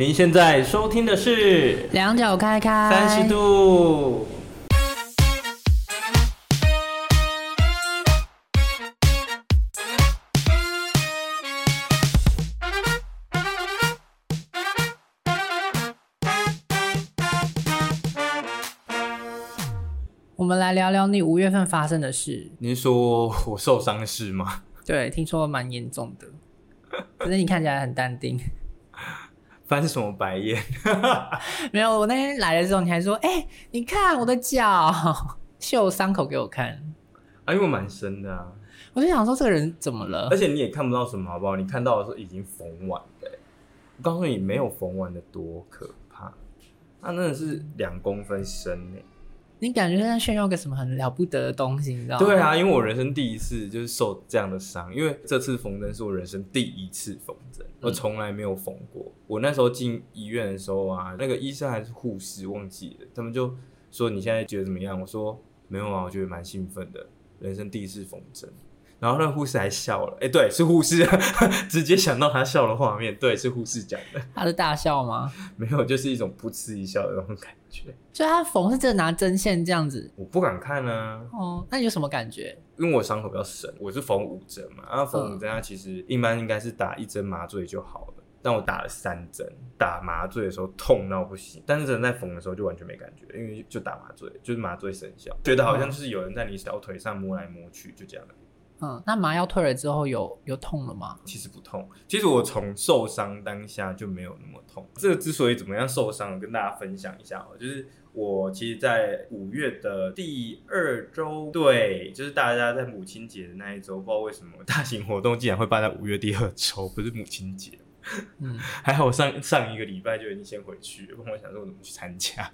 您現在收聽的是兩腳開開三十度。我們來聊聊你五月份發生的事。您說我受傷的事嗎？對，聽說蠻嚴重的，可是你看起來很淡定。 翻什麼白眼？ 沒有，我那天來的時候，你還說：“哎、欸，你看我的腳，秀傷口給我看。”啊，因為蠻深的啊。我就想說，這個人怎麼了？而且你也看不到什麼，好不好？你看到的時候已經縫完了、欸。我告訴你，沒有縫完的多可怕。那真的是兩公分深呢、欸。你感覺在炫耀個什麼很了不得的東西，你知道嗎？對啊，因為我人生第一次就是受這樣的傷，因為這次縫針是我人生第一次縫針，我從來沒有縫過。嗯。我那時候進醫院的時候啊，那個醫生還是護士，忘記了，他們就說，你現在覺得怎麼樣？我說沒有啊，我覺得蠻興奮的，人生第一次縫針。然後那個護士還笑了，哎、欸，對，是護士呵呵，直接想到他笑的畫面，對，是護士講的。他的大笑嗎？沒有，就是一種噗哧一笑的那種感覺。就他縫是真的拿針線這樣子。我不敢看啊。哦，那你有什麼感覺？因為我傷口比較深，我是縫五針嘛，然後縫五針，它其實一般應該是打一針麻醉就好了，但我打了三針，打麻醉的時候痛到不行，但是真的在縫的時候就完全沒感覺，因為就打麻醉，就是麻醉生效，對，覺得好像就是有人在你小腿上摸來摸去，就這樣。嗯，那麻藥退了之後有有痛了嗎？其實不痛，其實我從受傷當下就沒有那麼痛。這個之所以怎麼樣受傷，跟大家分享一下哦，就是我其實，在五月的第二周，對，就是大家在母親節的那一周，不知道為什麼大型活動竟然會辦在五月第二周，不是母親節。嗯，還好我上上一個禮拜就已經先回去了，不然我想說我怎麼去參加。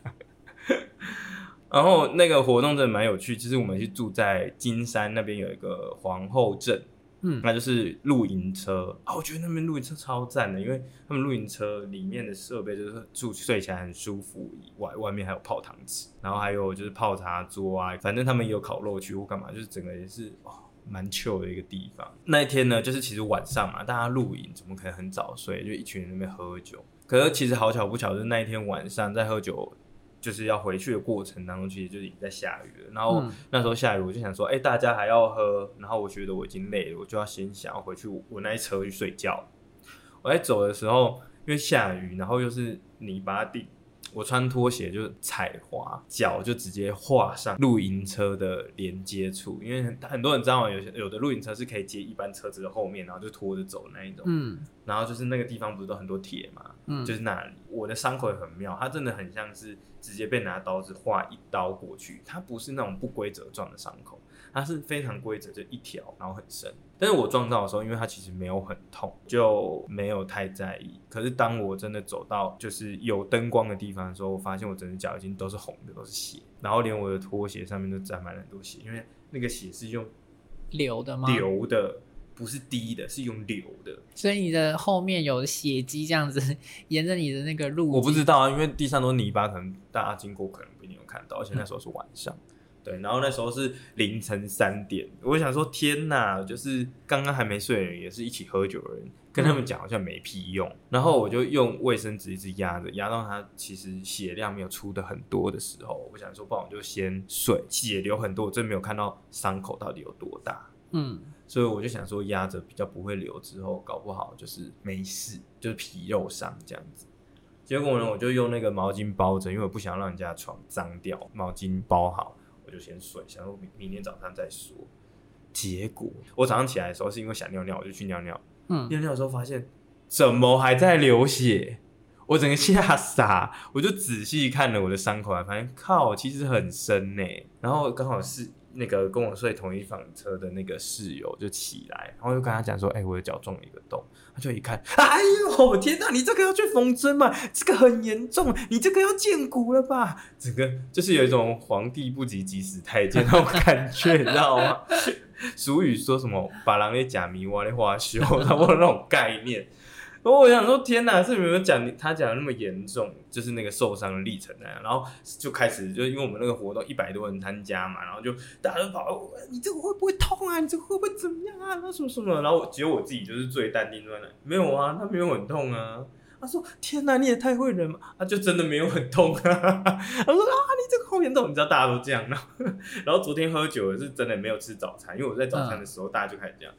然後那個活動真的蠻有趣，其實我們是住在金山那邊有一個皇後鎮，嗯，那就是露營車啊、哦，我覺得那邊露營車超讚的，因為他們露營車裡面的設備就是住睡起來很舒服以外，外外面還有泡湯池，然後還有就是泡茶桌啊，反正他們也有烤肉區或幹嘛，就是整個也是、哦、蠻 chill 的一個地方。那一天呢，就是其實晚上嘛，大家露營怎麼可能很早睡？就一群人那邊喝酒，可是其實好巧不巧，就是那一天晚上在喝酒。就是要回去的過程當中，其實就是已經在下雨了。然後那時候下雨，我就想說，哎、嗯欸，大家還要喝，然後我覺得我已經累了，我就要先想要回去我，我那一車去睡覺。我在走的時候，因為下雨，然後又是泥巴地。我穿拖鞋就踩滑，腳就直接劃上露營車的連接處，因為很，很多人知道有，有些有的露營車是可以接一般車子的後面，然後就拖着走那一種。嗯，然後就是那個地方不是都很多鐵嘛，嗯，就是那裡，我的傷口也很妙，它真的很像是直接被拿刀子劃一刀過去，它不是那種不規則狀的傷口，它是非常規則，就一條，然後很深。但是我撞到的時候，因為它其實沒有很痛，就沒有太在意。可是當我真的走到就是有燈光的地方的時候，我發現我整隻腳已經都是紅的，都是血，然後連我的拖鞋上面都沾滿了很多血，因為那個血是用流的嗎？流的，不是滴的，是用流的。所以你的後面有血跡，這樣子沿着你的那個路，我不知道啊，因為地上都是泥巴，可能大家經過可能不一定有看到，而且那時候是晚上。嗯對，然後那時候是凌晨三點，我想說天哪，就是剛剛還沒睡的人，也是一起喝酒的人，嗯、跟他們講好像沒屁用。然後我就用衛生紙一直壓着，壓到他其實血量沒有出得很多的時候，我想說不然我就先睡。血流很多，我真沒有看到傷口到底有多大。嗯，所以我就想說壓着比較不會流，之後搞不好就是沒事，就是皮肉傷這樣子。結果呢，我就用那個毛巾包着，因為我不想讓人家床髒掉，毛巾包好。我就先睡，想說明明天早上再說。結果我早上起來的時候，是因為想尿尿，我就去尿尿。嗯，尿尿的時候發現怎麼還在流血，我整個嚇傻。我就仔細看了我的傷口，發現靠，其實很深呢、欸。然後剛好是。嗯那個跟我睡同一房車的那個室友就起來，然後就跟他講說：“哎、欸，我的腳中了一個洞。”他就一看，“哎呦，天哪！你這個要去縫針嘛？這個很嚴重，你這個要見骨了吧？”整個就是有一種皇帝不急急死太監那種感覺， 你知道嗎？ 俗語說什麼“把狼的假迷蛙的花繡”，差 不多那種概念。我我想說，天哪，是不是有講？他講的那麼嚴重，就是那個受傷的歷程那、啊、樣。然後就開始，就因為我們那個活動一百多人參加嘛，然後就大家都跑，你這個會不會痛啊？你這個會不會怎麼樣啊？那什麼什麼？然後我只有我自己就是最淡定的，說沒有啊，他沒有很痛啊。他說天哪，你也太會忍了，他、啊、就真的沒有很痛啊。 他說啊，你這個好嚴重，你知道大家都這樣。然後， 昨天喝酒也是真的沒有吃早餐，因為我在早餐的時候、嗯、大家就開始這樣。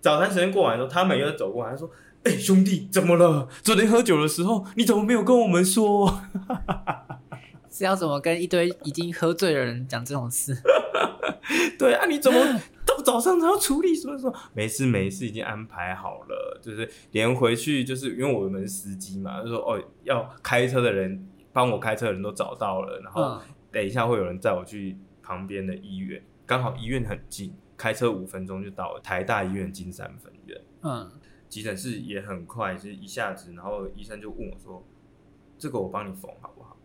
早餐時間過完之後，他們又在走過來，他說。嗯哎、欸，兄弟，怎麼了？昨天喝酒的時候，你怎麼沒有跟我們說？ 是要怎麼跟一堆已經喝醉的人講這種事？ 對啊，你怎麼到早上才要處理？什麼時候？ 沒事沒事，已經安排好了。就是連回去，就是因為我們是司機嘛，就說哦，要開車的人幫我開車的人都找到了，然後等一下會有人載我去旁邊的醫院，剛好醫院很近，開車五分鐘就到了台大醫院金山分院。嗯。急診室也很快，就是一下子，然後醫生就問我說：“這個我幫你縫好不好？”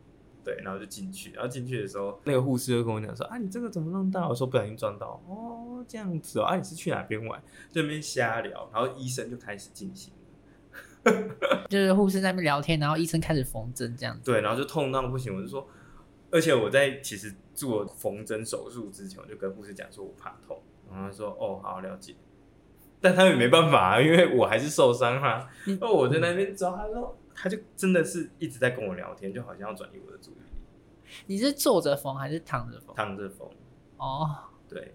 對，然後就進去，然後進去的時候，那個護士就跟我講說：“啊，你這個怎麼弄到？”我說：“不小心撞到。”哦，這樣子哦，啊，你是去哪邊玩？這邊瞎聊，然後醫生就開始進行了， 就是護士在那邊聊天，然後醫生開始縫針，這樣子。對，然後就痛到不行，我就說，而且我在其實做縫針手術之前，我就跟護士講說我怕痛，然後他說：“哦，好，了解。”但他也沒辦法、啊，因為我還是受傷啦、啊。那、嗯、我在那邊找他，說他就真的是一直在跟我聊天，就好像要轉移我的注意力。你是坐着縫還是躺着縫？躺着縫。哦、oh.，對。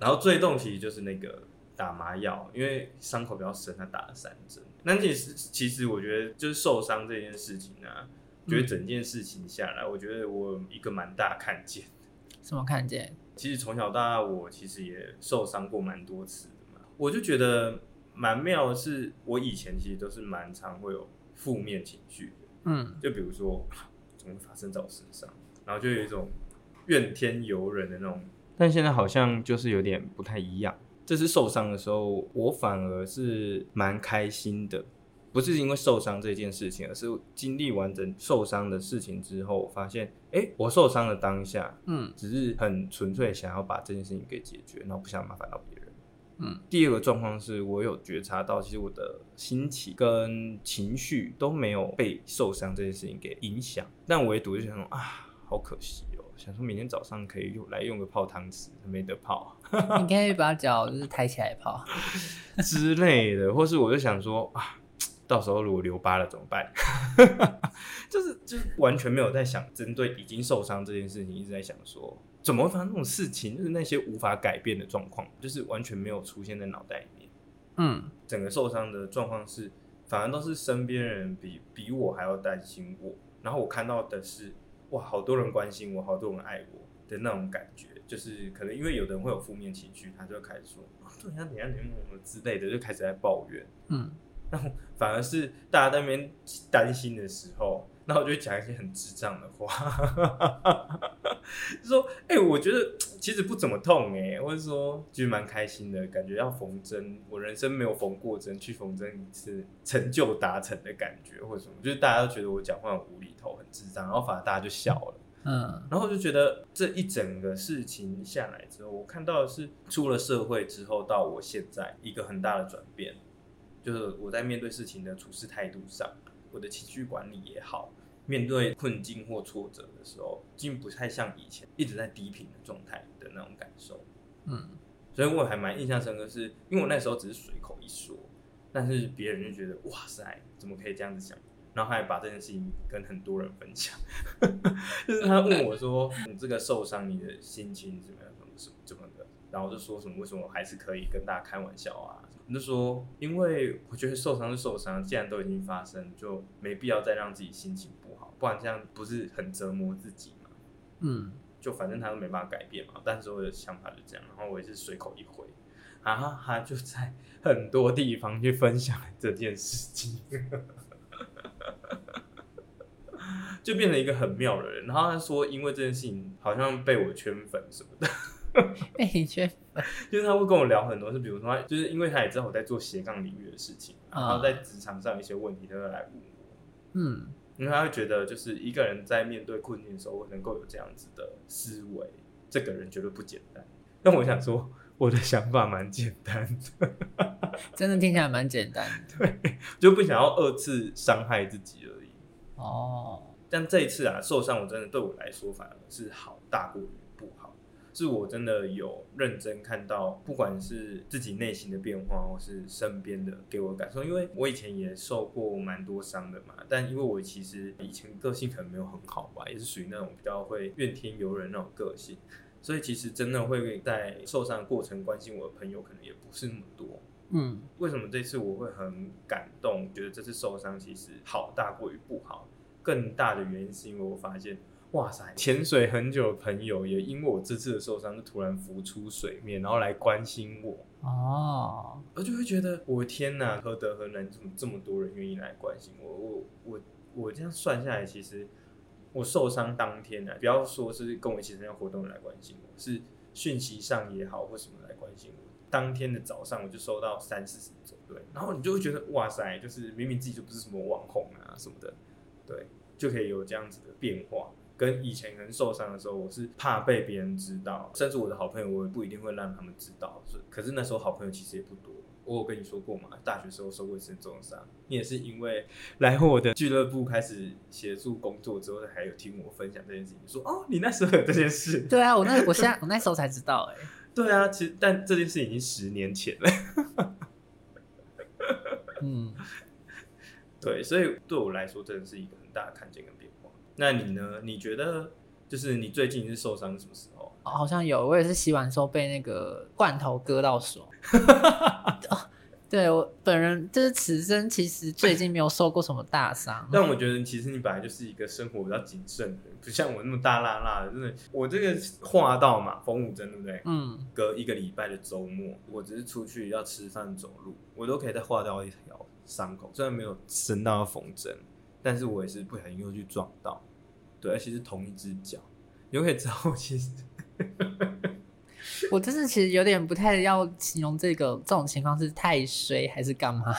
然後最痛其實就是那個打麻藥，因為傷口比較深，他打了三針。那你是其實我覺得就是受傷這件事情呢、啊，覺、就、得、是、整件事情下來，嗯、我覺得我一個蠻大看見。什麼看見？其實從小到大，我其實也受傷過蠻多次。我就覺得蠻妙的，是我以前其實都是蠻常會有負面情緒的。嗯，就比如說怎麼發生在我身上，然後就有一種怨天尤人的那種，但現在好像就是有點不太一樣。這是受傷的時候，我反而是蠻開心的，不是因為受傷這件事情，而是經歷完整受傷的事情之後，我發現，哎、欸，我受傷的當下，嗯，只是很純粹想要把這件事情給解決，然後不想麻煩到別人。嗯，第二個狀況是我有覺察到，其實我的心情跟情緒都沒有被受傷這件事情給影響。但我唯獨就想說啊，好可惜哦，想說明天早上可以用來用個泡湯池，沒得泡。你可以把腳就是抬起來泡 之類的，或是我就想說啊，到時候如果留疤了怎麼辦？ 就是就是完全沒有在想針對已經受傷這件事情，一直在想說。怎麼會發生那種事情？就是那些無法改變的狀況，就是完全沒有出現在腦袋裡面。嗯，整個受傷的狀況是，反而都是身邊人比比我還要擔心我。然後我看到的是，哇，好多人關心我，好多人愛我的那種感覺。就是可能因為有的人會有負面情緒，他就開始說啊，對，人家、人家、人家什麼之類的，就開始在抱怨。嗯，然後反而是大家在那邊擔心的時候。那我就講一些很智障的話，哈哈哈。就說：“哎、欸，我覺得其實不怎麼痛哎、欸，或者說其實蠻開心的感覺。要縫針，我人生沒有縫過針，去縫針一次，成就達成的感覺，或者什麼，就是大家都覺得我講話很無厘頭、很智障，然後反而大家就笑了。嗯，然後我就覺得這一整個事情下來之後，我看到的是出了社會之後到我現在一個很大的轉變，就是我在面對事情的處事態度上。”我的情緒管理也好，面對困境或挫折的時候，竟不太像以前一直在低頻的狀態的那種感受。嗯，所以我還蠻印象深刻是，是因為我那時候只是隨口一說，但是別人就覺得哇塞，怎麼可以這樣子講？然後還把這件事情跟很多人分享， 就是他問我說、嗯、你這個受傷，你的心情怎麼樣？什麼什麼怎麼的？然後我就說什麼為什麼還是可以跟大家開玩笑啊？就說，因為我覺得受傷就受傷，既然都已經發生，就沒必要再讓自己心情不好，不然這樣不是很折磨自己嘛。嗯，就反正他都沒辦法改變嘛，但是我的想法就這樣，然後我也是隨口一回，啊，他、啊啊、就在很多地方去分享這件事情， 就變成一個很妙的人，然後他說，因為這件事情好像被我圈粉什麼的。哎，你覺得？就是他會跟我聊很多，是比如說他，就是因為他也知道我在做斜槓領域的事情、啊，然後在職場上一些問題，他會來問我。嗯，因為他會覺得，就是一個人在面對困境的時候，我能夠有這樣子的思維，這個人絕對不簡單。但我想說，我的想法蠻簡單的， 真的聽起來蠻簡單的。對，就不想要二次傷害自己而已。哦，但這一次啊，受傷，我真的對我來說，反而是好大過。是我真的有認真看到，不管是自己內心的變化，或是身邊的給我的感受，因為我以前也受過蠻多傷的嘛。但因為我其實以前個性可能沒有很好吧，也是屬於那種比較會怨天尤人那種個性，所以其實真的會在受傷過程關心我的朋友可能也不是那麼多。嗯，為什麼這次我會很感動？覺得這次受傷其實好大過於不好，更大的原因是因為我發現。哇塞！潛水很久的朋友也因為我這次的受傷，就突然浮出水面，然後來關心我哦。我就會覺得，我天哪，何德何能，這麼這麼多人願意來關心我？我我我這樣算下來，其實我受傷當天呢、啊，不要說是跟我一起參加活動來關心我，是訊息上也好或什麼來關心我。當天的早上，我就收到三四十組。對。然後你就會覺得，哇塞！就是明明自己就不是什麼網紅啊什麼的，對，就可以有這樣子的變化。跟以前很受傷的時候，我是怕被別人知道，甚至我的好朋友，我也不一定會讓他們知道。是，可是那時候好朋友其實也不多。我有跟你說過嘛？大學時候受過一次重傷，你也是因為來我的俱樂部開始協助工作之後，還有聽我分享這件事情，說哦，你那時候有這件事。對啊，我那我現在 我那時候才知道哎、欸。對啊，其實但這件事已經十年前了。 嗯，對，所以對我來說真的是一個很大的看見跟變化。那你呢？你覺得就是你最近是受傷什麼時候？哦，好像有，我也是洗碗時候被那個罐頭割到手。 哦、對我本人就是此生其實最近沒有受過什麼大傷。但我覺得其實你本來就是一個生活比較謹慎的，不像我那麼大剌剌的。真的，我這個劃到嘛縫五針，對不對？嗯。隔一個禮拜的周末、嗯，我只是出去要吃飯走路，我都可以再劃到一條傷口，雖然沒有深到要縫針，但是我也是不小心又去撞到。而且是同一隻腳，你可以知道，其實我真是其實有點不太要形容這個這種情況是太衰還是幹嘛？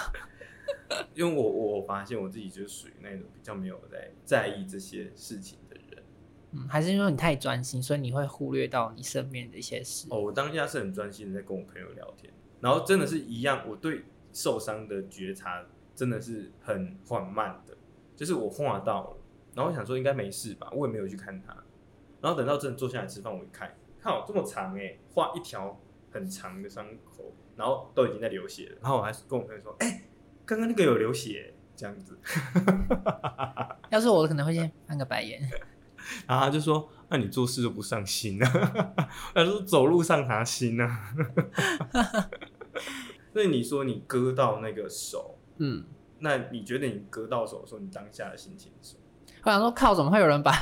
因為我我發現我自己就是屬於那種比較沒有在在意這些事情的人，嗯，還是因為你太專心，所以你會忽略到你身邊的一些事。哦，我當下是很專心的在跟我朋友聊天，然後真的是一樣，嗯，我對受傷的覺察真的是很緩慢的，就是我畫到了。然後我想說應該沒事吧，我也沒有去看他。然後等到真的坐下來吃飯，我一看，看，我這麼長哎、欸，畫一條很長的傷口，然後都已經在流血了。然後我還跟我朋友說：“哎、欸，剛剛那個有流血、欸，這樣子。 ”要是我可能會先翻個白眼。 然後他就說：“那、啊、你做事就不上心啊？” 他就說：“走路上啥心啊。 ” 所以你說你割到那個手，嗯，那你覺得你割到手的時候，你當下的心情是？我想說靠，怎麼會有人把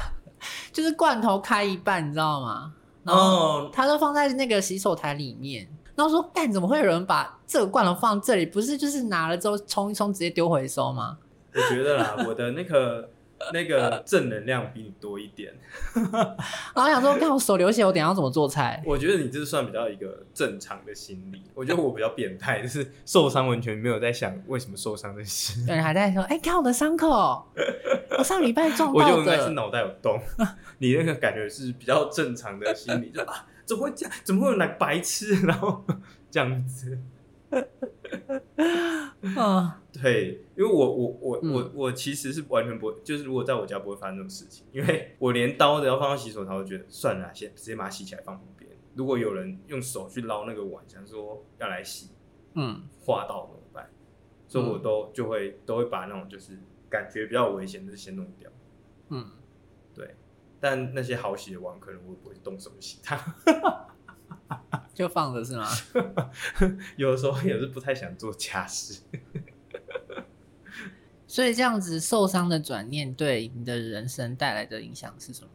就是罐頭開一半，你知道嗎？然後他就放在那個洗手台裡面。Oh. 然後說，幹怎麼會有人把這個罐頭放這裡？不是就是拿了之後沖一沖，直接丟回收嗎？我覺得啦， 我的那個。那個正能量比你多一點，然 後、啊、想說，看我手流血，我等下要怎麼做菜？ 我覺得你這是算比較一個正常的心理，我覺得我比較變態，就是受傷完全沒有在想為什麼受傷的事、嗯，有人還在說，哎、欸，看我的傷口， 我上禮拜撞到的，我，我應該是腦袋有洞， 你那個感覺是比較正常的心理，就啊，怎麼會這樣？怎麼會來白痴，然後這樣子。嗯、 uh,，對，因為我我我我我其實是完全不會、嗯，就是如果在我家不會發生這種事情，因為我連刀都要放到洗手台，我覺得算了，先直接把它洗起來放旁邊。如果有人用手去撈那個碗，想說要來洗，嗯，劃到怎麼辦？嗯、所以我都就會都會把那種就是感覺比較危險的先弄掉。嗯，對，但那些好洗的碗，可能我不會動手洗它。嗯 就放着是嗎？ 有的時候也是不太想做家事 。所以這樣子受傷的轉念對你的人生帶來的影響是什麼？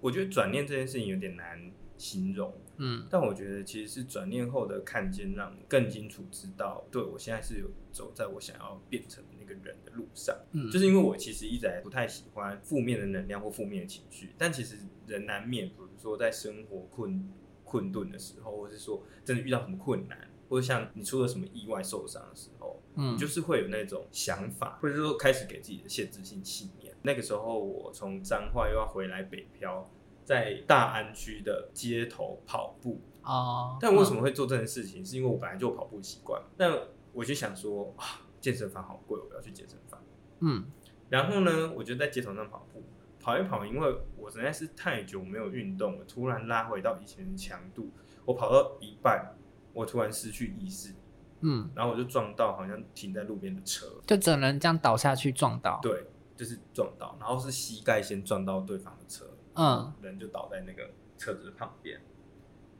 我覺得轉念這件事情有點難形容，嗯，但我覺得其實是轉念後的看見，讓更清楚知道，對，我現在是有走在我想要變成那個人的路上。嗯，就是因為我其實一直不太喜歡負面的能量或負面的情緒，但其實人難免，比如說在生活困。困頓的時候，或是說真的遇到什麼困難，或者像你出了什麼意外受傷的時候，嗯，你就是會有那種想法，或者說開始給自己的限制性信念。那個時候，我從彰化又要回來北漂，在大安區的街頭跑步哦，但為什麼會做這件事情？嗯，是因為我本來就有跑步習慣，那我就想說啊，健身房好貴，我不要去健身房。嗯，然後呢，我就在街頭上跑步。跑一跑，因為我實在是太久沒有運動了，突然拉回到以前的強度，我跑到一半，我突然失去意識，嗯，然後我就撞到好像停在路邊的車，就只能這樣倒下去撞到，對，就是撞到，然後是膝蓋先撞到對方的車，嗯，人就倒在那個車子的旁邊，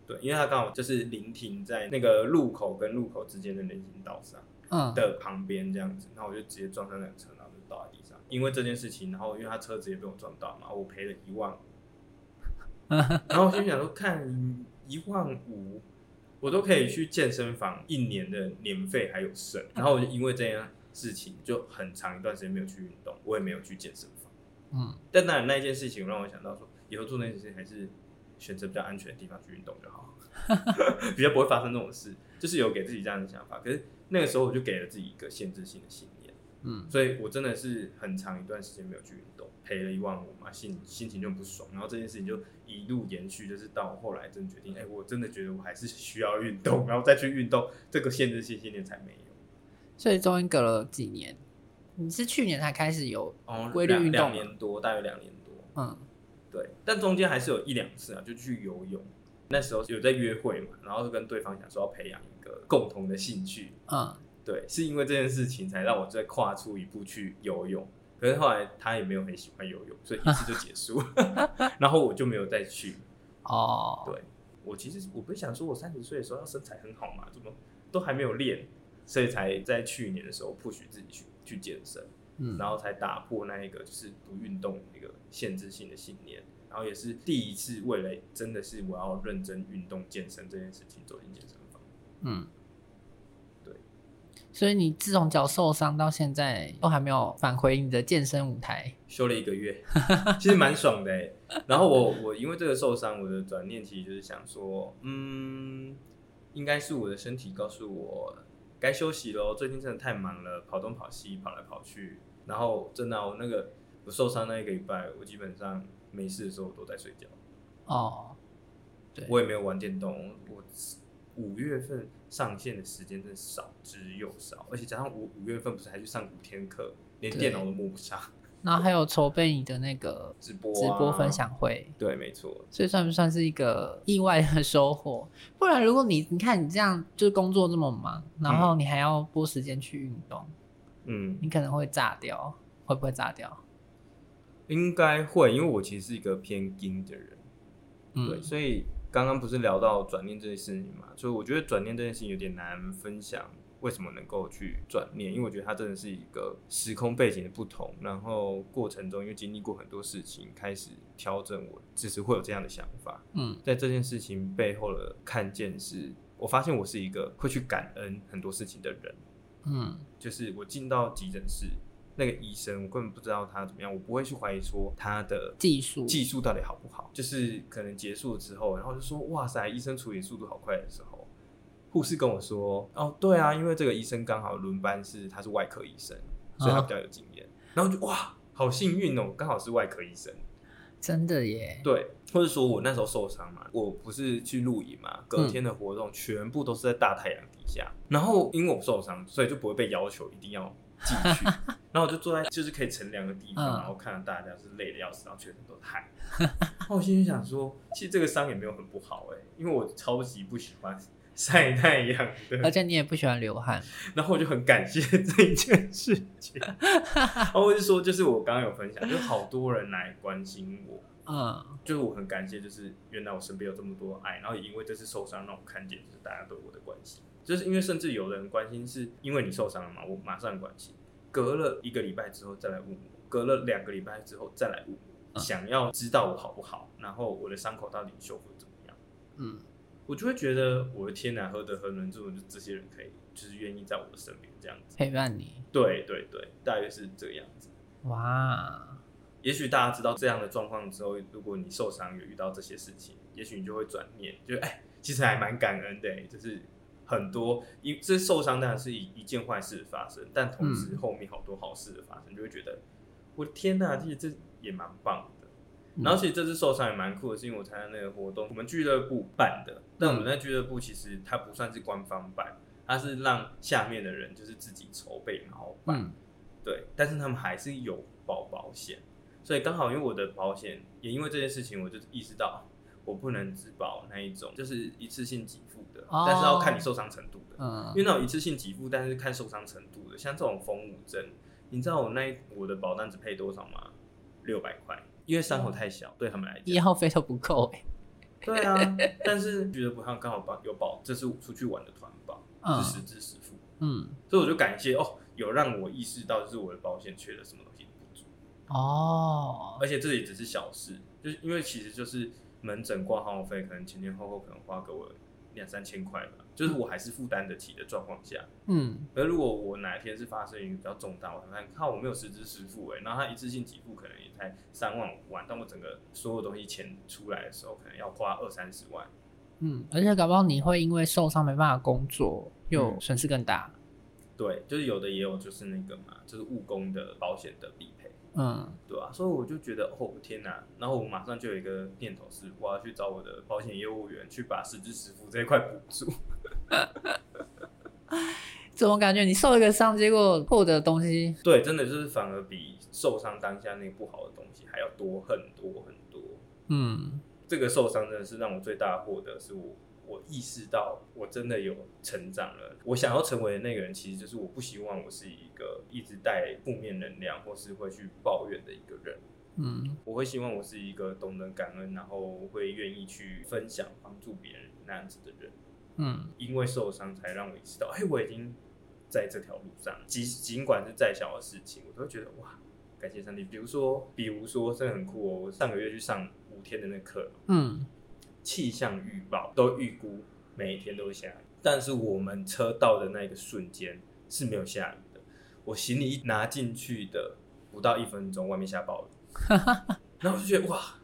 對，因為他剛好就是臨停在那個路口跟路口之間的人行道上，嗯，的旁邊這樣子，那，嗯，我就直接撞上兩車，然後就倒下因為這件事情，然後因為他車子也被我撞到嘛，我賠了一萬五， 然後我就想說，看一萬五，我都可以去健身房一年的年費還有剩，嗯、然後我就因為這件事情就很長一段時間沒有去運動，我也沒有去健身房，嗯，但當然那一件事情讓我想到說，以後做那件事情還是選擇比較安全的地方去運動就好， 比較不會發生這種事，就是有給自己這樣的想法，可是那個時候我就給了自己一個限制性的信念。嗯，所以我真的是很長一段時間沒有去運動，賠了一萬五嘛，心心情就不爽，然後這件事情就一路延續，就是到後來真的決定，哎、欸，我真的覺得我還是需要運動，然後再去運動，這個限制性信念才沒有。所以中間隔了幾年，你是去年才開始有規律運動？哦、兩、兩年多，大約兩年多，嗯，對，但中間還是有一兩次啊，就去游泳，那時候有在約會嘛，然後就跟對方想說要培養一個共同的興趣，嗯。對，是因為這件事情才讓我再跨出一步去游泳。可是後來他也沒有很喜歡游泳，所以一次就結束了。 然後我就沒有再去。哦、oh.。對，我其實我不是想說，我三十歲的時候要身材很好嘛，怎麼都還沒有練，所以才在去年的時候 push 自己去去健身，嗯，然後才打破那一個就是不運動那個限制性的信念。然後也是第一次為了真的是我要認真運動健身這件事情走進健身房。嗯。所以你自從腳受傷到現在都還沒有返回你的健身舞台，休了一個月，其實蠻爽的、欸。 然後我我因為這個受傷，我的轉念其實就是想說，嗯，應該是我的身體告訴我該休息咯。最近真的太忙了，跑東跑西，跑來跑去。然後真的，那個，我那個我受傷那一個禮拜，我基本上沒事的時候我都在睡覺。哦，對，我也沒有玩電動。我五月份。上線的時間真的少之又少，而且加上五五月份不是還去上五天課，連電腦都摸不上。 然後還有籌備你的那個直播、啊、直播分享會，對，沒錯。所以算不算是一個意外的收穫？不然如果你你看你這樣就是工作這麼忙，然後你還要撥時間去運動，嗯，你可能會炸掉，會不會炸掉？應該會，因為我其實是一個偏金的人、嗯，對。所以。剛剛不是聊到轉念這件事情嘛，所以我覺得轉念這件事情有點難分享，為什麼能夠去轉念？因為我覺得它真的是一個時空背景的不同，然後過程中又經歷過很多事情，開始調整我，只是會有這樣的想法。嗯，在這件事情背後的看見是，我發現我是一個會去感恩很多事情的人。嗯，就是我進到急診室。那個醫生，我根本不知道他怎麼樣，我不會去懷疑說他的技術技術到底好不好。就是可能結束了之後，然後就說哇塞，醫生處理速度好快的時候，護士跟我說哦，對啊，因為這個醫生剛好輪班是他是外科醫生，所以他比較有經驗、哦。然後就哇，好幸運哦，剛好是外科醫生，真的耶。對，或者說我那時候受傷嘛，我不是去露營嘛，隔天的活動全部都是在大太陽底下、嗯，然後因為我受傷，所以就不會被要求一定要進去。 然後我就坐在就是可以乘涼的地方，嗯，然後看到大家是累的要死，然後出很多汗。那 我心裡想說，其實這個傷也沒有很不好哎，欸，因為我超級不喜歡曬太陽的，而且你也不喜歡流汗。然後我就很感謝這一件事情。 然後我就說，就是我剛剛有分享，就是好多人來關心我，嗯，就是我很感謝，就是原來我身邊有這麼多愛。然後也因為這次受傷，讓我看見就是大家對我的關心，就是因為甚至有人關心，是因為你受傷了嘛，我馬上關心。隔了一個禮拜之後再來慰問，隔了兩個禮拜之後再來慰問、嗯、想要知道我好不好，然後我的傷口到底修復怎麼樣？嗯，我就會覺得我的天哪，何德何能，這種就這些人可以，就是願意在我的身邊這樣子陪伴你？對對對，大約是這個樣子。哇，也許大家知道這樣的狀況之後，如果你受傷有遇到這些事情，也許你就會轉念，就哎、欸，其實還蠻感恩的、欸，就是。很多，一，這受傷當然是一，一件壞事發生，但同時後面好多好事的發生，嗯、就會覺得，我的天哪，這這也蠻棒的、嗯。然後其實這次受傷也蠻酷的，是因為我參加那個活動，我們俱樂部辦的，但我們在俱樂部其實它不算是官方辦，它是讓下面的人就是自己籌備然後辦，對，但是他們還是有保保險，所以剛好因為我的保險也因為這件事情，我就意識到我不能只保那一種，就是一次性。哦、但是要看你受傷程度的、嗯，因為那種一次性給付，但是看受傷程度的，像這種縫五針，你知道我那一我的保單只賠多少嗎？六百塊，因為傷口太小、嗯，對他們來講，掛號費都不夠、欸嗯、對啊， 但是覺得不，它剛好有保，這是出去玩的團保、嗯，是實支實付。嗯，所以我就感謝哦，有讓我意識到就是我的保險缺了什麼東西不足。哦，而且這也只是小事，就因為其實就是門診掛號費，可能前前後後可能花個我。兩三千塊吧，就是我還是負擔得起的狀況下，嗯。而如果我哪一天是發生一個比較重大，我看看我沒有實支實付、欸，誒，那他一次性給付可能也才三萬五萬，但我整個所有東西錢出來的時候，可能要花二三十萬。嗯，而且搞不好你會因為受傷沒辦法工作，又損失更大、嗯。對，就是有的也有，就是那個嘛，就是誤工的保險的理賠。嗯，對啊，所以我就覺得，哦天吶，然後我馬上就有一個念頭是、啊，我要去找我的保險業務員去把實支實付這一塊補足。 怎麼感覺你受了一個傷，結果獲得的東西？對，真的就是反而比受傷當下那個不好的東西還要多很多很多。嗯，這個受傷真的是讓我最大獲得的是我。我意識到，我真的有成長了。我想要成為的那個人，其實就是我不希望我是一個一直帶負面能量，或是會去抱怨的一個人。嗯，我會希望我是一個懂得感恩，然後會願意去分享、幫助別人那樣子的人。嗯，因為受傷才讓我意識到，哎，我已經在這條路上了。即儘管是再小的事情，我都會覺得哇，感謝上帝。比如說，比如說，真的很酷哦。我上個月去上五天的那課，嗯。氣象預報都預估每天都下雨，但是我們車到的那個瞬間是沒有下雨的。我行李一拿進去的不到一分鐘，外面下暴雨， 然後我就覺得哇，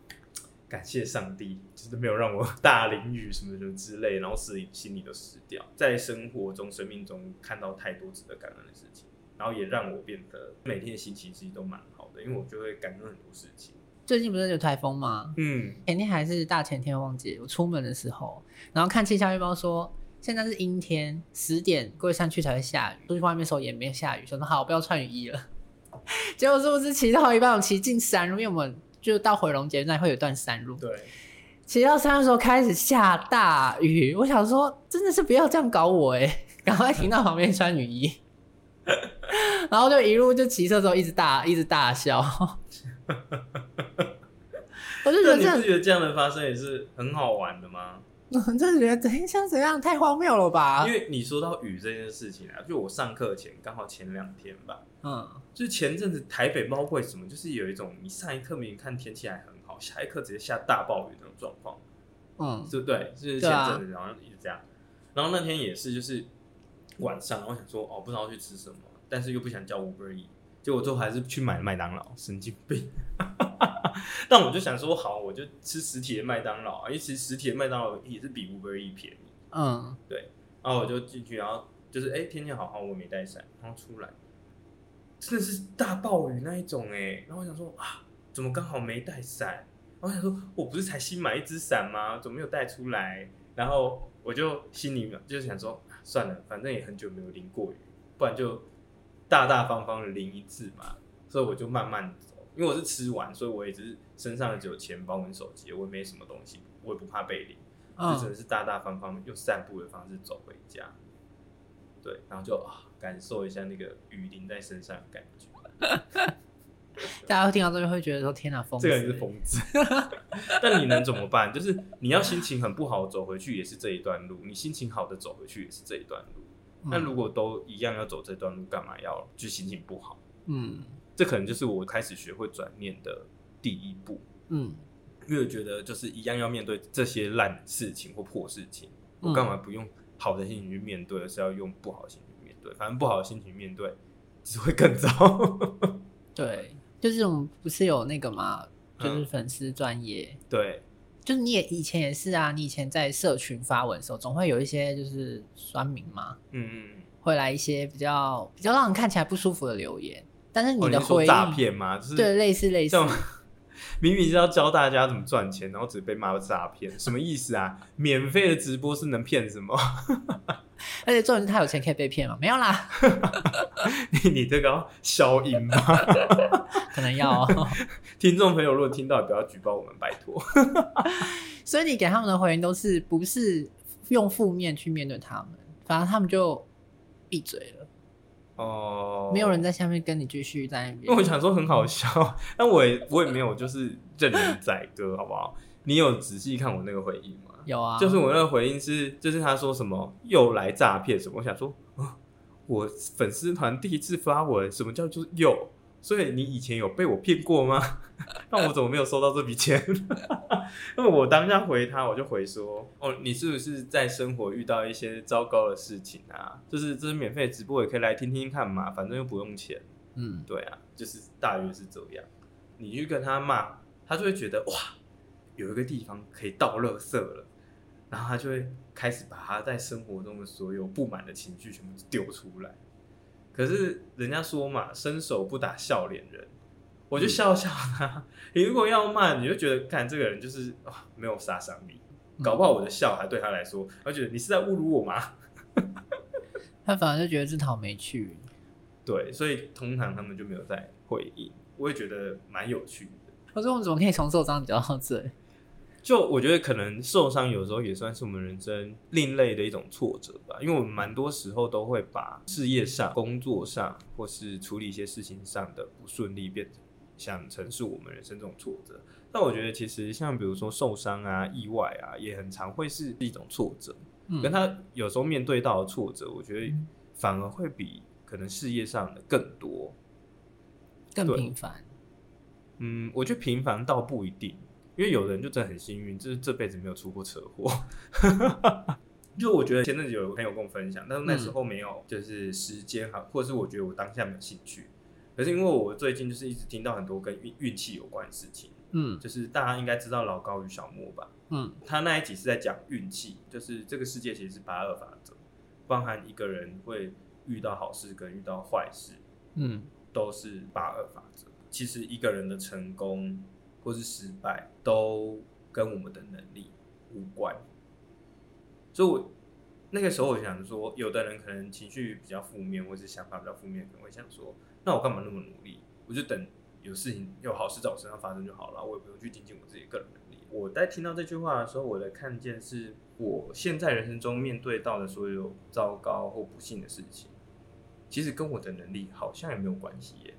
感謝上帝，就是沒有讓我大淋雨什麼什麼之類，然後是心裡都死掉。在生活中、生命中看到太多值得感恩的事情，然後也讓我變得每天的心情其實都蠻好的，因為我就會感恩很多事情。最近不是有台風嗎？嗯，前天還是大前天，忘記，我出門的時候，然後看氣象預報說現在是陰天，十點過山區才會下雨。出去外面的時候也沒下雨，說好不要穿雨衣了。 結果是不是騎到一半騎進山路？因為我們就到回龍街那會有段山路。對，騎到山的時候開始下大雨，我想說真的是不要這樣搞我哎、欸！趕快停到旁邊穿雨衣。 然後就一路就騎車的時候一直大一直大笑。 那你不覺得這樣的發生也是很好玩的嗎？我真的覺得怎樣怎樣，太荒謬了吧？因為你說到雨這件事情啊，就我上課前剛好前兩天吧，嗯，就是前陣子台北貓會什麼，就是有一種你上一刻明明看天氣還很好，下一刻直接下大暴雨那種狀況，嗯，對不對？就是前陣子好像一直這樣，然後那天也是就是晚上，我想說哦，不知道去吃什麼，但是又不想叫 Uber Eat。結果最後還是去買麥當勞，神經病。哈哈哈，但我就想說，好，我就吃實體的麥當勞，因為其實實體的麥當勞也是比無為一便宜。嗯，對。然後我就進去，然後就是哎、欸，天氣好好，我沒帶傘。然後出來，真的是大暴雨那一種哎。然後我想說啊，怎麼剛好沒帶傘？然後我想說，我不是才新買一支傘嗎？怎麼沒有帶出來？然後我就心裡就是想說，算了，反正也很久沒有淋過雨，不然就。大大方方的淋一次嘛，所以我就慢慢走，因為我是吃完，所以我也只是身上只有錢包跟手機，我也沒什麼東西，我也不怕被淋，就只能是大大方方用散步的方式走回家，哦、對，然後就啊感受一下那個雨淋在身上的感覺。 對對對，大家聽到這邊會覺得說：天哪，瘋子！這個是瘋子。 但你能怎麼辦？就是你要心情很不好走回去也是這一段路，你心情好的走回去也是這一段路。那、嗯、如果都一樣要走這段路，幹嘛要就心情不好？嗯，這可能就是我開始學會轉念的第一步。嗯，因為我覺得就是一樣要面對這些爛事情或破事情，嗯、我幹嘛不用好的心情去面對，而是要用不好的心情去面對？反正不好的心情面對只會更糟。嗯。 對，就是我們不是有那個嘛，就是粉絲專業、嗯。對。就是你也以前也是啊，你以前在社群發文的時候，總會有一些就是酸民嘛，嗯嗯，會來一些比較比較讓人看起來不舒服的留言，但是你的回應，哦，你是說詐騙嗎？就是，對，類似類似。明明是要教大家怎麼賺錢，然後只被罵到詐騙，什麼意思啊？免費的直播是能騙什麼？ 而且重點是他有錢可以被騙嗎？沒有啦。 你這個消音嗎？可能要。聽眾朋友，如果聽到，也不要舉報我們，拜托。 所以你給他們的回應都是不是用負面去面對他們，反正他們就閉嘴了。哦、oh，沒有人在下面跟你繼續在那邊，因為我想說很好笑，嗯、但我也我也沒有就是任人宰割， 好不好？你有仔細看我那個回應嗎？有啊，就是我那個回應是，就是他說什麼又來詐騙什麼，我想說，我粉絲團第一次發文，什麼叫做又？所以你以前有被我騙過嗎？ 那我怎麼沒有收到這筆錢？因 為我當下回他，我就回說：哦，你是不是在生活遇到一些糟糕的事情啊？就是這是免費直播，也可以來聽聽看嘛，反正又不用錢。嗯，對啊，就是大約是這樣。你去跟他罵，他就會覺得哇，有一個地方可以倒垃圾了，然後他就會開始把他在生活中的所有不滿的情緒全部丟出來。可是人家說嘛，伸手不打笑臉人，我就笑笑他。嗯、你如果要罵，你就覺得看這個人就是、哦、沒有殺傷力，搞不好我的笑還對他來說，覺、嗯、得你是在侮辱我嗎？ 他反而就覺得自討沒趣。對，所以通常他們就沒有在回應。我也覺得蠻有趣的。我說我怎麼可以從這張嘴到醉。就我覺得，可能受傷有時候也算是我們人生另類的一種挫折吧。因為我們蠻多時候都會把事業上、嗯、工作上，或是處理一些事情上的不順利，變成想成是我們人生這種挫折。但我覺得，其實像比如說受傷啊、意外啊，也很常會是一種挫折。嗯，跟他有時候面對到的挫折，我覺得反而會比可能事業上的更多，更頻繁。嗯，我覺得頻繁倒不一定。因為有人就真的很幸運，就是這輩子沒有出過車禍。 就我覺得前陣子有朋友跟我分享，但是那時候沒有，就是時間哈，或者是我覺得我當下沒有興趣。可是因為我最近就是一直聽到很多跟運運氣有關的事情，嗯，就是大家應該知道老高與小莫吧，嗯，他那一集是在講運氣，就是這個世界其實是八二法則，包含一個人會遇到好事跟遇到壞事，嗯，都是八二法則。其實一個人的成功，或是失敗都跟我們的能力無關，所以我，我那個時候我想說，有的人可能情緒比較負面，或是想法比較負面，可能會想說：“那我幹嘛那麼努力？我就等有事情有好事在我身上發生就好了，我也不用去增進我自己個人的能力。”我在聽到這句話的時候，我的看見是我現在人生中面對到的所有糟糕或不幸的事情，其實跟我的能力好像也沒有關係耶。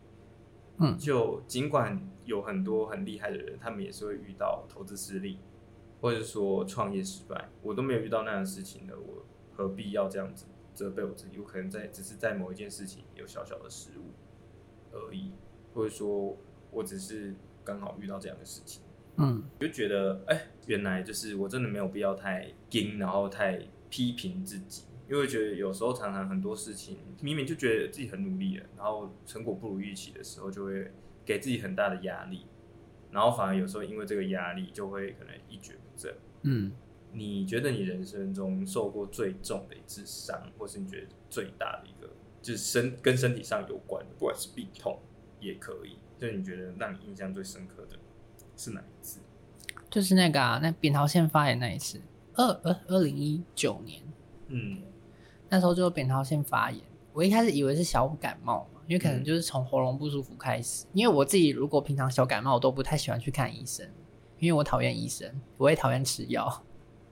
嗯，就儘管。有很多很厲害的人，他們也是會遇到投資失利，或者說創業失敗，我都沒有遇到那樣的事情的，我何必要這樣子責備我自己？我可能在只是在某一件事情有小小的失誤而已，或者說我只是剛好遇到這樣的事情，嗯，就覺得哎、欸，原來就是我真的沒有必要太精，然後太批評自己，因為覺得有時候常常很多事情明明就覺得自己很努力了，然後成果不如預期的時候，就會。給自己很大的壓力，然後反而有時候因為這個壓力就會可能一蹶不振。嗯，你覺得你人生中受過最重的一次傷，或是你覺得最大的一個就是身跟身體上有關的，不管是病痛也可以，就是你覺得讓你印象最深刻的是哪一次？就是那個啊，那扁桃腺發炎那一次，二呃二零一九年。嗯，那時候就扁桃腺發炎，我一開始以為是小感冒。因為可能就是從喉嚨不舒服開始，嗯，因為我自己如果平常小感冒，我都不太喜歡去看醫生，因為我討厭醫生，我也討厭吃藥，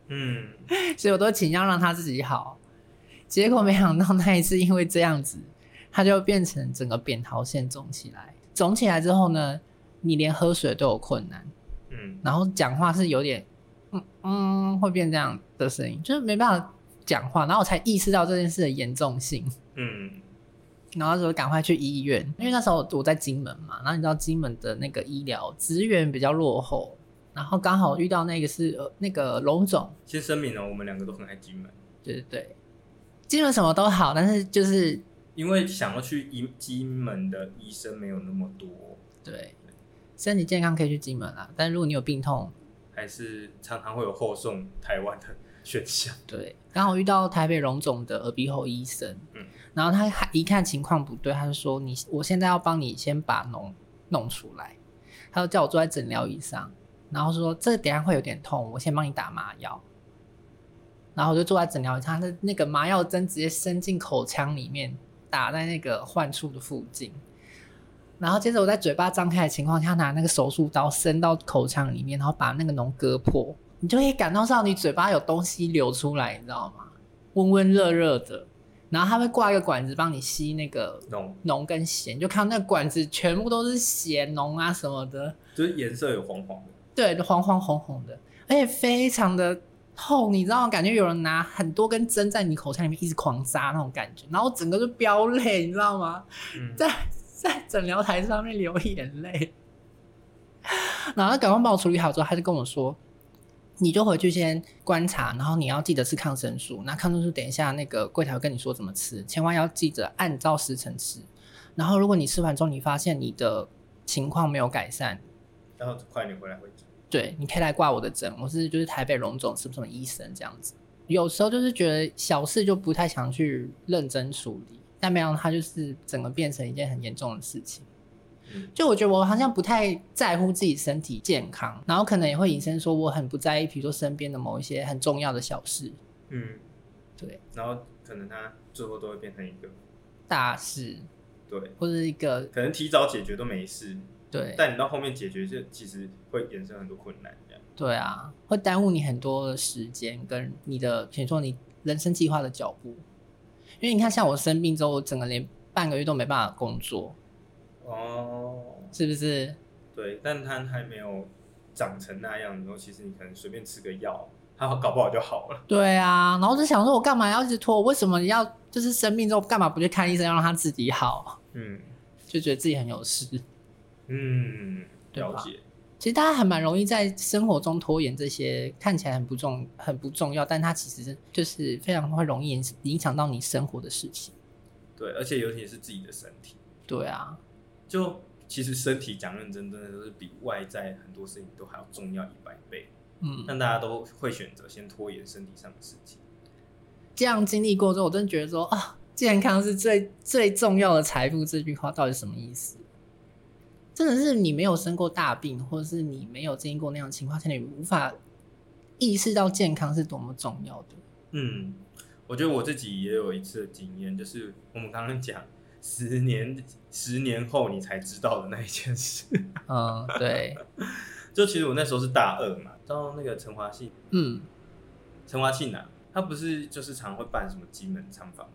嗯， 所以我都儘量讓他自己好。結果沒想到那一次，因為這樣子，他就變成整個扁桃腺腫起來，腫起來之後呢，你連喝水都有困難，嗯，然後講話是有點，嗯嗯，會變這樣的聲音，就是沒辦法講話，然後我才意識到這件事的嚴重性，嗯。然後說趕快去醫院，因為那時候我在金門嘛。然後你知道金門的那個醫療資源比較落後，然後剛好遇到那個是、呃、那個榮總。先聲明呢，我們兩個都很愛金門。對對對，金門什麼都好，但是就是因為想要去醫金門的醫生沒有那麼多。對，身體健康可以去金門啊，但如果你有病痛，還是常常會有後送台灣的選項。對，剛好遇到台北榮總的耳鼻喉醫生。嗯。然後他一看情況不對，他就說：“你，我現在要幫你先把膿弄出來。”他就叫我坐在診療椅上，然後說：“這等下會有點痛，我先幫你打麻藥。”然後我就坐在診療椅上，那個麻藥針直接伸進口腔裡面，打在那個患處的附近。然後接着我在嘴巴張開的情況下，他拿那個手術刀伸到口腔裡面，然後把那個膿割破。你就可以感到上你嘴巴有東西流出來，你知道嗎？溫溫熱熱的。然後他會掛一個管子幫你吸那個膿膿跟血，就看到那個管子全部都是血膿啊什麼的，就是顏色有黃黃的，對，黃黃紅紅的，而且非常的痛，你知道嗎？感覺有人拿很多根針在你口腔裡面一直狂扎那種感覺，然後整個就飆淚，你知道嗎？嗯，在在診療台上面流眼淚，然後他趕快幫我處理好之後，他就跟我說。你就回去先觀察，然後你要記得吃抗生素。那抗生素等一下那個櫃檯跟你說怎麼吃，千萬要記得按照時辰吃。然後如果你吃完之後你發現你的情況沒有改善，然後快點回來會診。對，你可以來掛我的診，我是就是台北榮總是不是什麼醫生這樣子？有時候就是覺得小事就不太想去認真處理，但沒有，它就是整個變成一件很嚴重的事情。就我覺得我好像不太在乎自己身體健康，然後可能也會引申說我很不在意，比如說身邊的某一些很重要的小事。嗯，對。然後可能它最後都會變成一個大事，對，或者是一個可能提早解決都沒事，對。但你到後面解決，就其實會衍生很多困難，這樣。對啊，會耽誤你很多的時間，跟你的比如說你人生計劃的腳步。因為你看，像我生病之後，我整個連半個月都沒辦法工作。哦、oh，是不是？對，但他還沒有長成那樣，然後其實你可能隨便吃個藥，他搞不好就好了。對啊，然後就想說，我幹嘛要一直拖？為什麼要就是生病之後幹嘛不去看醫生，要讓他自己好？嗯，就覺得自己很有事。嗯，對，了解。其實大家還蠻容易在生活中拖延這些看起來很不重、很不重要，但他其實就是非常會容易影響到你生活的事情。對，而且尤其是自己的身體。對啊。就其實身體講認真，真的是比外在很多事情都還要重要一百倍。嗯，但大家都會選擇先拖延身體上的事情。這樣經歷過之後，我真的覺得說啊、哦，健康是最最重要的財富。這句話到底什麼意思？真的是你沒有生過大病，或者是你沒有經歷過那樣的情況，現在你無法意識到健康是多麼重要的。嗯，我覺得我自己也有一次經驗，就是我們剛剛講十年，十年後你才知道的那一件事，嗯，對， 就其實我那時候是大二嘛，到那個陳華信，嗯，陳華信呢，他不是就是常,常會辦什麼金門參訪。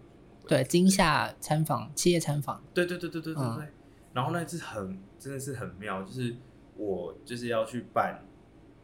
對，金夏參訪，企業參訪。對對對對對對對、嗯，然後那次很真的是很妙，就是我就是要去辦，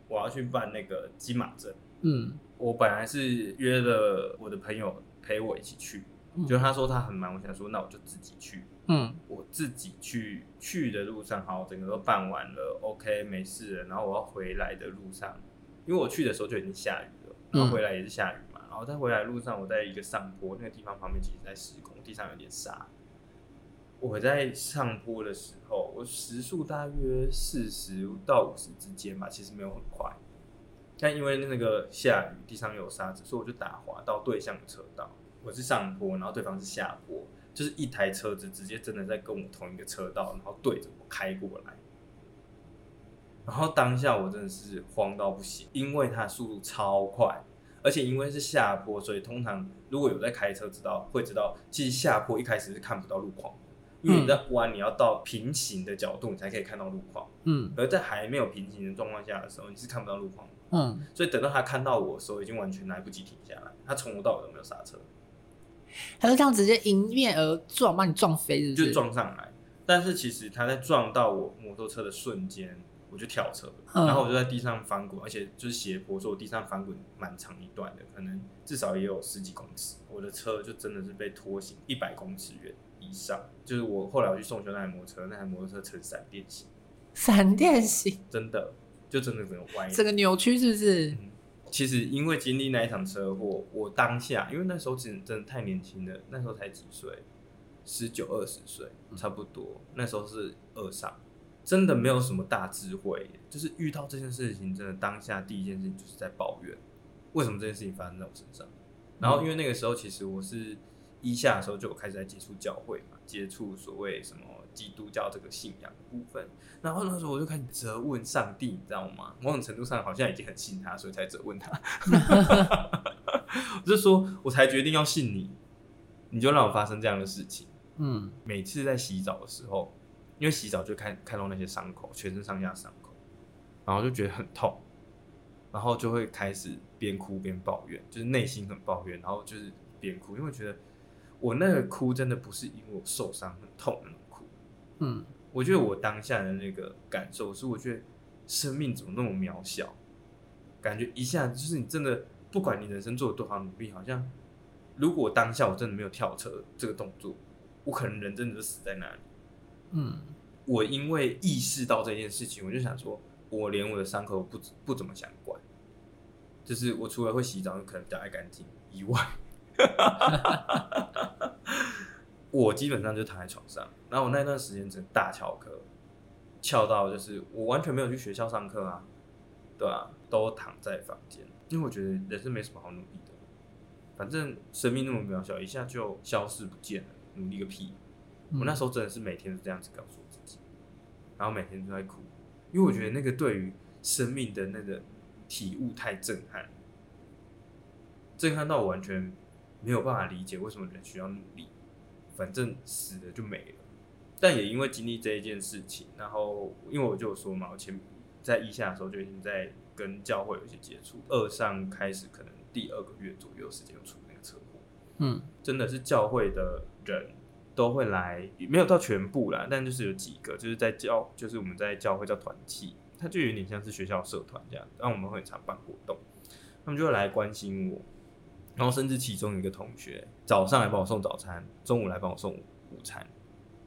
我要去辦那個金馬證，嗯，我本來是約了我的朋友陪我一起去，就他說他很忙，我想說那我就自己去。嗯，我自己去去的路上，好，整個都辦完了，OK，沒事了。然後我要回來的路上，因為我去的時候就已經下雨了，然後回來也是下雨嘛。嗯、然後在回來的路上，我在一個上坡那個地方旁邊，其實在施工，地上有點沙。我在上坡的時候，我時速大約四十到五十之間吧，其實沒有很快。但因為那個下雨，地上有沙子，所以我就打滑到對向的車道。我是上坡，然後對方是下坡。就是一台車子直接真的在跟我同一個車道，然後對着我開過來，然後當下我真的是慌到不行，因為它速度超快，而且因為是下坡，所以通常如果有在開車，知道會知道，其實下坡一開始是看不到路況的，因為你在彎，你要到平行的角度你才可以看到路況，嗯，而在還沒有平行的狀況下的時候，你是看不到路況，嗯，所以等到他看到我的時候，已經完全來不及停下來，他從頭到尾都沒有剎車。他就這樣直接迎面而撞，把你撞飛是不是，就是、撞上來。但是其實他在撞到我摩托車的瞬間，我就跳車、嗯、然後我就在地上翻滾，而且就是斜坡，所以我地上翻滾蠻長一段的，可能至少也有十幾公尺。我的車就真的是被拖行一百公尺遠以上，就是我後來我去送修那台摩托車，那台摩托車是閃電型，閃電型，真的就真的整個歪，整個扭曲是不是？嗯其實因為經歷那一場車禍，我當下因為那時候真的真的太年輕了，那時候才幾歲，十九、二十歲，差不多，那時候是二上，真的沒有什麼大智慧，就是遇到這件事情，真的當下第一件事情就是在抱怨，為什麼這件事情發生在我身上，然後因為那個時候其實我是。一下的時候就有開始在接觸教會嘛，接觸所謂什麼基督教這個信仰的部分。然後那時候我就開始責問上帝，你知道嗎？某種程度上好像已經很信他，所以才責問他。 我就說，我才決定要信你，你就讓我發生這樣的事情。嗯，每次在洗澡的時候，因為洗澡就看看到那些傷口，全身上下傷口，然後就覺得很痛，然後就會開始邊哭邊抱怨，就是內心很抱怨，然後就是邊哭，因為覺得。我那個哭真的不是因為我受傷很痛那麼哭，嗯，我覺得我當下的那個感受是，我覺得生命怎麼那麼渺小，感覺一下就是你真的不管你人生做了多少努力，好像如果當下我真的沒有跳車這個動作，我可能人真的就死在那裡。嗯，我因為意識到這件事情，我就想說，我連我的傷口不不怎麼想管，就是我除了會洗澡，就可能比較愛乾淨以外。 我基本上就躺在床上，然後我那段時間真大翹課，翹到就是我完全沒有去學校上課啊，對啊，都躺在房間，因為我覺得人生沒什麼好努力的，反正生命那麼渺小，一下就消失不見了，努力個屁！我那時候真的是每天都這樣子告訴自己，然後每天都在哭，因為我覺得那個對於生命的那個體悟太震撼，震撼到我完全。沒有辦法理解為什麼人需要努力，反正死了就沒了。但也因為經歷這一件事情，然後因為我就說嘛，我前在一下的時候就已經在跟教會有一些接觸，二上開始可能第二個月左右時間出那個車禍，嗯，真的是教會的人都會來，沒有到全部啦，但就是有幾個就是在教，就是我們在教會叫團契，他就有點像是學校社團這樣，那我們會常辦活動，他們就會來關心我。然後甚至其中有一個同學早上來幫我送早餐，中午來幫我送午餐，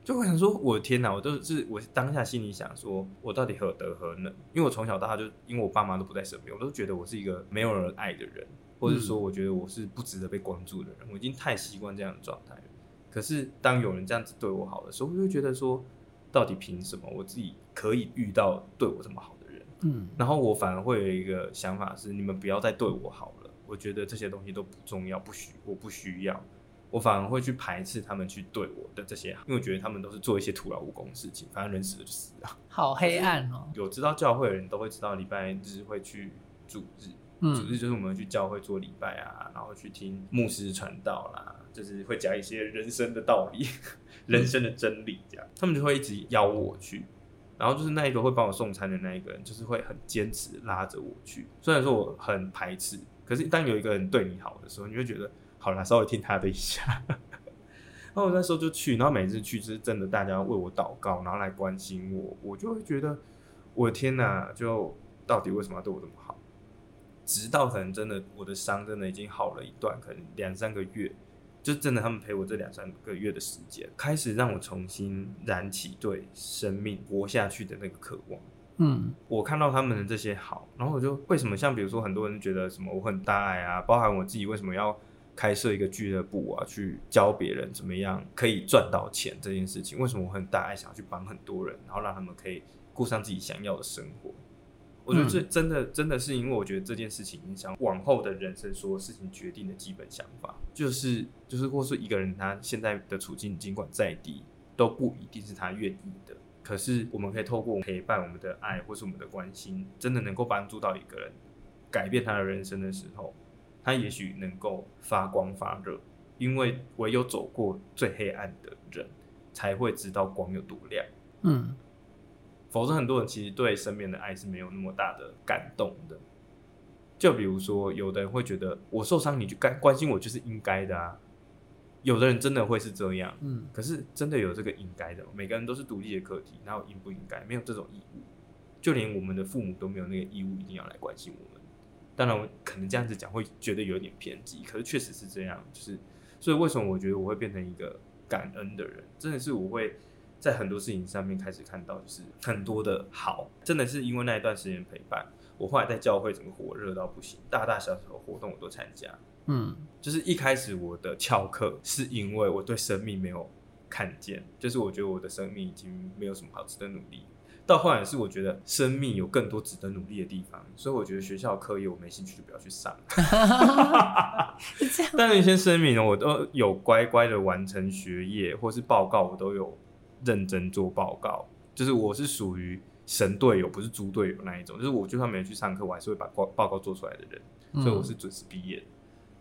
就會想說，我的天哪！我都是我當下心裡想說，我到底何德何能？因為我從小到大就因為我爸媽都不在身邊，我都覺得我是一個沒有人愛的人，或者說我覺得我是不值得被關注的人。嗯。我已經太習慣這樣的狀態了。可是當有人這樣子對我好的時候，我就覺得說，到底憑什麼？我自己可以遇到對我這麼好的人？嗯。然後我反而會有一個想法是：你們不要再對我好了。我覺得這些東西都不重要，不需我不需要，我反而會去排斥他們去對我的這些，因為我覺得他們都是做一些徒勞無功的事情，反正人死了就死了啊。好黑暗哦！有知道教會的人都會知道禮拜日會去主日，主日就是我們去教會做禮拜啊，然後去聽牧師傳道啦，就是會講一些人生的道理、嗯、人生的真理這樣。他們就會一直邀我去，然後就是那一個會幫我送餐的那一個人，就是會很堅持拉着我去，雖然說我很排斥。可是，一旦有一個人對你好的時候，你會覺得好啦，稍微聽他的一下。 然後我那時候就去，然後每次去就是真的，大家為我禱告，然後來關心我，我就會覺得，我的天哪，就到底為什麼要對我這麼好？直到可能真的我的傷真的已經好了一段，可能兩三個月，就真的他們陪我這兩三個月的時間，開始讓我重新燃起對生命活下去的那個渴望。嗯，我看到他們的這些好，然後我就為什麼像比如說很多人覺得什麼我很大愛啊，包含我自己為什麼要開設一個俱樂部啊，去教別人怎麼樣可以賺到錢這件事情，為什麼我很大愛想要去幫很多人，然後讓他們可以過上自己想要的生活？嗯，我覺得這真的真的是因為我覺得這件事情影響往後的人生所有事情決定的基本想法，就是就是或者說一個人他現在的處境儘管再低，都不一定是他願意的。可是，我們可以透過陪伴、我們的愛，或是我們的關心，真的能夠幫助到一個人，改變他的人生的時候，他也許能夠發光發熱。因為唯有走過最黑暗的人，才會知道光有多亮。嗯，否則很多人其實對身邊的愛是沒有那麼大的感動的。就比如說，有的人會覺得，我受傷，你就該關心我，就是應該的啊。有的人真的會是這樣，嗯，可是真的有這個應該的嗎？每個人都是獨立的個體，哪有應不應該？沒有這種義務，就連我們的父母都沒有那個義務一定要來關心我們。當然，我可能這樣子講會覺得有點偏激，可是確實是這樣。就是，所以為什麼我覺得我會變成一個感恩的人？真的是我會在很多事情上面開始看到，就是很多的好，真的是因為那一段時間陪伴我，後來在教會整個火熱到不行，大大小小的活動我都參加。嗯，就是一開始我的翹課是因為我對生命沒有看見，就是我覺得我的生命已經沒有什麼好值得努力。到後來是我覺得生命有更多值得努力的地方，所以我覺得學校課業我沒興趣就不要去上。 但是先聲明哦，我都有乖乖的完成學業或是報告，我都有認真做報告。就是我是屬於神隊友，不是豬隊友那一種，就是我就算沒有去上課，我還是會把報報告做出來的人，所以我是準時畢業的。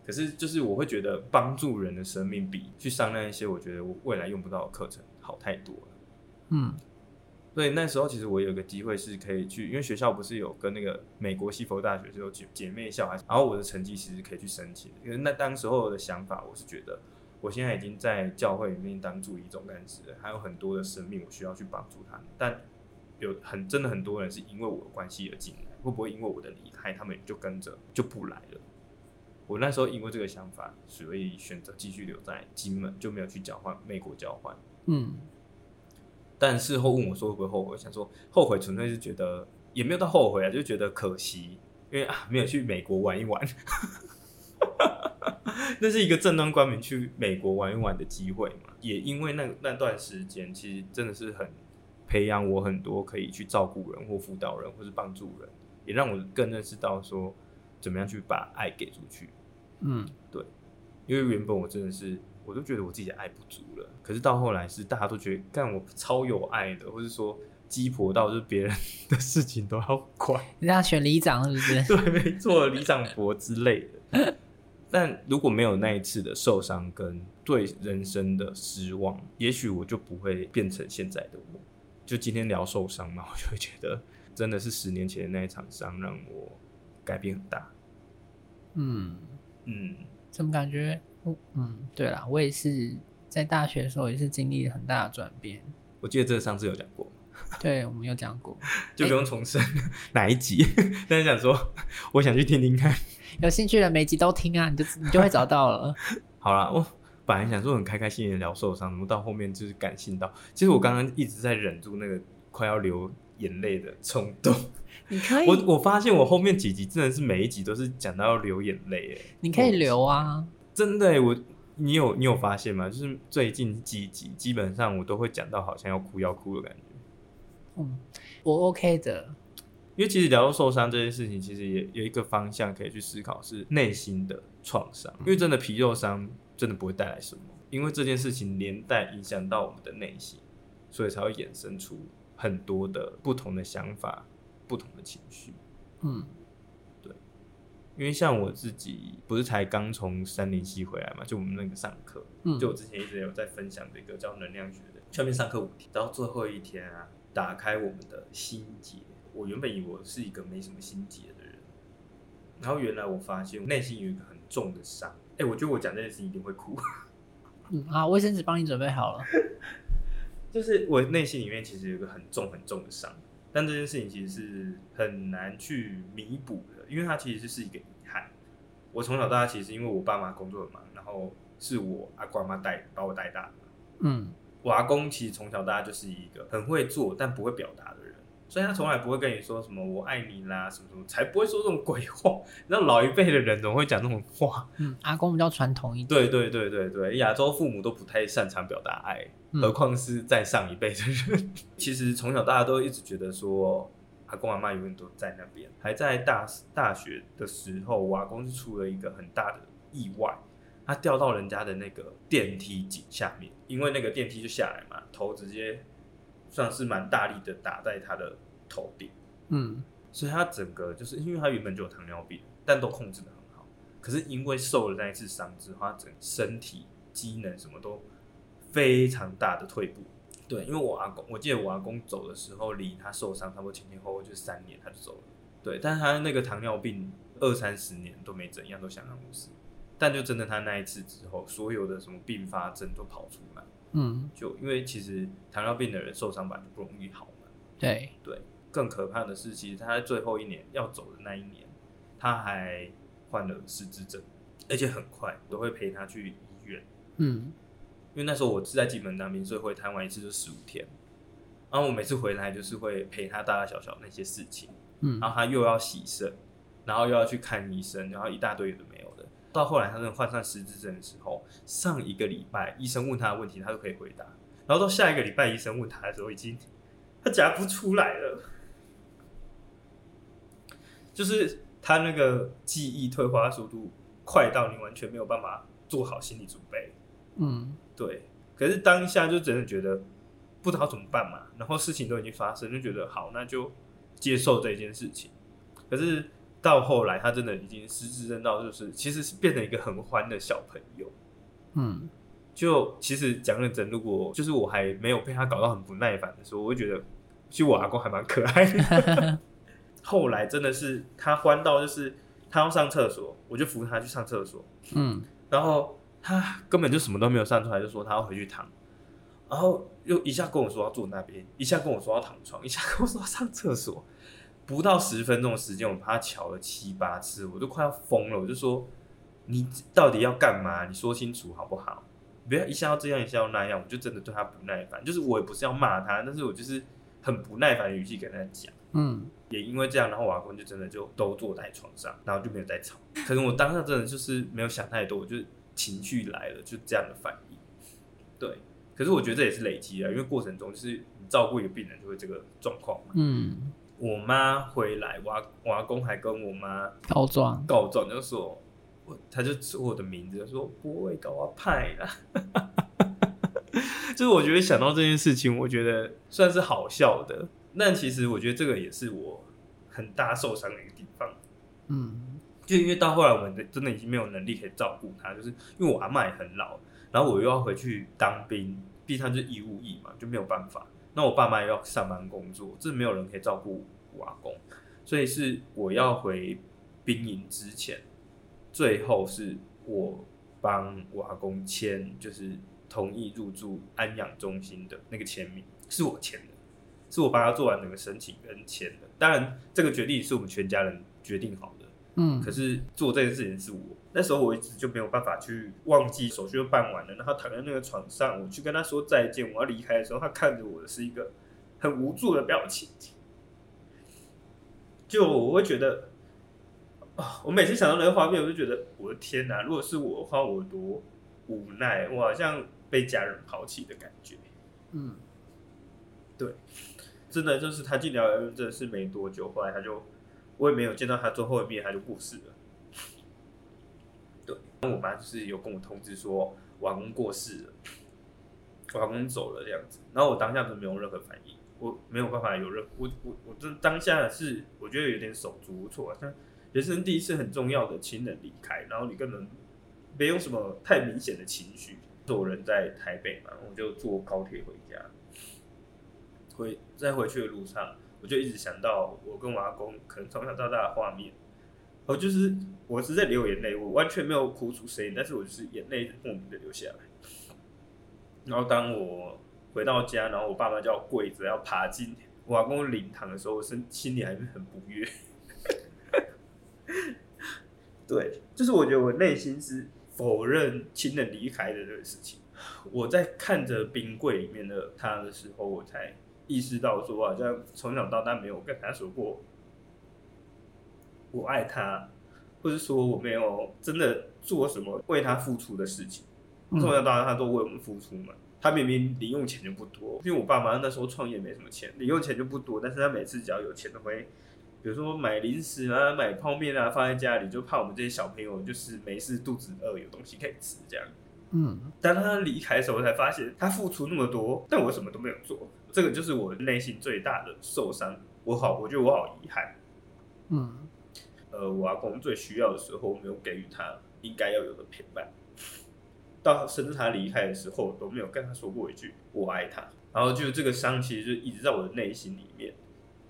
可是，就是我會覺得幫助人的生命比去上那一些我覺得我未來用不到的課程好太多了。嗯，所以那時候其實我有個機會是可以去，因為學校不是有跟那個美國西佛大學是有姐姐妹校，還是然後我的成績其實可以去申請。因為那當時候的想法，我是覺得我現在已經在教會裡面當助理總幹事，還有很多的生命我需要去幫助他們。但有很真的很多人是因為我的關係而進來，會不會因為我的離開，他們就跟着就不來了？我那時候因為這個想法，所以選擇繼續留在金門，就沒有去交換美國交換。嗯，但事後問我說會不會後悔？想說後悔純粹是覺得，也沒有到後悔啊，就覺得可惜，因為啊沒有去美國玩一玩，嗯、 那是一個正大光明去美國玩一玩的機會嘛。也因為那那段時間，其實真的是很培養我很多可以去照顧人或輔導人或是幫助人，也讓我更認識到說怎麼樣去把愛給出去。嗯，對，因為原本我真的是，我都覺得我自己的愛不足了。可是到後來是大家都覺得，幹我超有愛的，或是說雞婆到就是別人的事情都要管，人家選里長是不是？ 對，做了里長婆之類的。 但如果沒有那一次的受傷跟對人生的失望，也許我就不會變成現在的我。就今天聊受傷嘛，我就會覺得真的是十年前的那一場傷讓我改變很大。嗯。嗯，怎麼感覺？嗯，對啦，我也是在大學的時候也是經歷了很大的轉變。我記得這上次有講過， 對我們有講過，就不用重申、欸、哪一集。但是想說，我想去聽聽看， 有興趣的每一集都聽啊，你就你就會找到了。 好啦，我本來想說很開開心心的聊受傷，然後到後面就是感性到，其實我剛剛一直在忍住那個快要流，眼淚的衝動、嗯，你可以。我我發現我後面幾集真的是每一集都是講到要流眼淚，哎，你可以流啊，真的、欸。我你有你有發現嗎？就是最近幾集，基本上我都會講到好像要哭要哭的感覺。嗯，我 OK 的。因為其實聊到受傷這件事情，其實也有一個方向可以去思考，是內心的創傷、嗯。因為真的皮肉傷真的不會帶來什麼，因為這件事情連帶影響到我們的內心，所以才會衍生出。很多的不同的想法，不同的情緒，嗯，對，因為像我自己，不是才剛從三零七回來嘛？就我們那個上課、嗯，就我之前一直有在分享這個叫能量學的，上面上課五天，然後最後一天啊，打開我們的心結。我原本以為我是一個沒什麼心結的人，然後原來我發現內心有一個很重的傷。哎、欸，我覺得我講這件事情一定會哭。嗯，好，衛生紙幫你準備好了。 就是我內心裡面其實有一個很重很重的傷，但這件事情其實是很難去彌補的，因為它其實是一個遺憾。我從小到大其實因為我爸媽工作很忙，然後是我阿公阿媽帶把我帶大的嘛。嗯，我阿公其實從小到大就是一個很會做但不會表達的。所以他從來不會跟你說什麼“我愛你”啦，什麼什麼，才不會說這種鬼話。你知道老一輩的人怎麼會講這種話？嗯，阿公比較傳統一點。對對對對對，亞洲父母都不太擅長表達愛，何況是在上一輩的人。嗯。其實從小大家都一直覺得說，阿公阿媽永遠都在那邊。還在大大學的時候，我阿公是出了一個很大的意外，他掉到人家的那個電梯井下面，因為那個電梯就下來嘛，頭直接。算是蠻大力的打在他的頭頂，嗯，所以他整個就是因為他原本就有糖尿病，但都控制得很好。可是因為受了那一次傷之後，他整身體機能什麼都非常大的退步。對，因為我阿公，我記得我阿公走的時候，離他受傷差不多前前後後就三年，他就走了。對，但是他那個糖尿病二三十年都沒怎樣，都相安無事。但就真的他那一次之後，所有的什麼併發症都跑出來。嗯，就因為其實糖尿病的人受傷吧，就不容易好嘛。對對，更可怕的是，其實他在最後一年要走的那一年，他還患了失智症，而且很快都會陪他去醫院。嗯，因為那時候我是在金門當兵，所以會談完一次就十五天，然後我每次回來就是會陪他大大小小那些事情。嗯，然後他又要洗腎，然後又要去看醫生，然後一大堆的。到後來，他真的患上失智症的時候，上一個禮拜醫生問他的問題，他都可以回答；然後到下一個禮拜，醫生問他的時候，已經他講不出來了。就是他那個記憶退化的速度快到你完全沒有辦法做好心理準備。嗯，對。可是當下就真的覺得不知道怎麼辦嘛，然後事情都已經發生，就覺得好，那就接受這件事情。可是。到後來，他真的已經實質認到就是，其實是變成一個很歡的小朋友。嗯，就其實講認真，如果就是我還沒有被他搞到很不耐煩的時候，我就覺得，其實我阿公還蠻可愛的。 後來真的是他歡到，就是他要上廁所，我就扶他去上廁所。嗯，然後他根本就什麼都沒有上出來，就說他要回去躺，然後又一下跟我說要坐那邊，一下跟我說要躺床，一下跟我說要上廁所。不到十分鐘的時間，我怕他瞧了七八次，我都快要瘋了。我就說：“你到底要幹嘛？你說清楚好不好？不要一下要這樣，一下要那樣。”我就真的對他不耐煩，就是我也不是要罵他，但是我就是很不耐煩的語氣跟他講。嗯，也因為這樣，然後我老公就真的就都坐在床上，然後就沒有再吵。可能我當下真的就是沒有想太多，我就情緒來了就這樣的反應。對，可是我覺得這也是累積啊，因為過程中就是你照顧一個病人就會這個狀況嘛。嗯。我媽回來，我阿公還跟我媽告狀，告狀就說，他就扯我的名字說不會搞阿派啦，就是我，我， 我覺得想到這件事情，我覺得算是好笑的。但其實我覺得這個也是我很大受傷的一個地方。嗯，就因為到後來我們真的已經沒有能力可以照顧他，就是因為我阿嬤也很老，然後我又要回去當兵，畢竟他是義務役嘛，就沒有辦法。那我爸媽要上班工作，這沒有人可以照顧我阿公，所以是我要回兵營之前，最後是我幫我阿公簽，就是同意入住安養中心的那個簽名，是我簽的，是我幫他做完整個申請跟簽的。當然，這個決定是我們全家人決定好的，嗯，可是做這件事情是我。那時候我一直就沒有辦法去忘記，手續都辦完了，然後他躺在那個床上，我去跟他說再見，我要離開的時候，他看着我的是一個很無助的表情，就我會覺得我每次想到那個畫面，我就覺得我的天哪，如果是我的話，我多無奈，我好像被家人拋棄的感覺。嗯，對，真的就是他進療養院，真的是沒多久，後來他就我也沒有見到他最後一面，他就過世了。那我媽就是有跟我通知說，我阿公過世了，我阿公走了這樣子。然後我當下就沒有任何反應，我沒有辦法有任，我我我這當下是我覺得有點手足無措，像人生第一次很重要的親人離開，然後你根本沒有什麼太明顯的情緒。我人在台北嘛，我就坐高鐵回家，回在回去的路上，我就一直想到我跟我阿公可能從小到大的畫面。哦、oh,，就是我是在流眼淚，我完全沒有哭出聲音，但是我就是眼淚莫名的流下來。然後當我回到家，然後我爸媽叫我要跪着要爬進我阿公靈堂的時候，我心心裡還是很不悅。 對，就是我覺得我內心是否認親人離開的這個事情。我在看着冰櫃裡面的他的時候，我才意識到說、啊，好像從小到大沒有跟他說過。我愛他，或是說我沒有真的做什麼為他付出的事情。從小到大，他都為我們付出嘛。他明明零用錢就不多，因為我爸媽那時候創業沒什麼錢，零用錢就不多。但是他每次只要有錢都會，比如說買零食啊、買泡麵啊，放在家裡，就怕我們這些小朋友就是沒事肚子餓有東西可以吃這樣。嗯，當他離開的時候，我才發現他付出那麼多，但我什麼都沒有做。這個就是我內心最大的受傷。我好，我覺得我好遺憾。嗯。呃，我阿公最需要的時候，我沒有給予他應該要有的陪伴。到甚至他離開的時候，我都沒有跟他說過一句“我愛他”。然後就這個傷，其實就一直在我的內心裡面。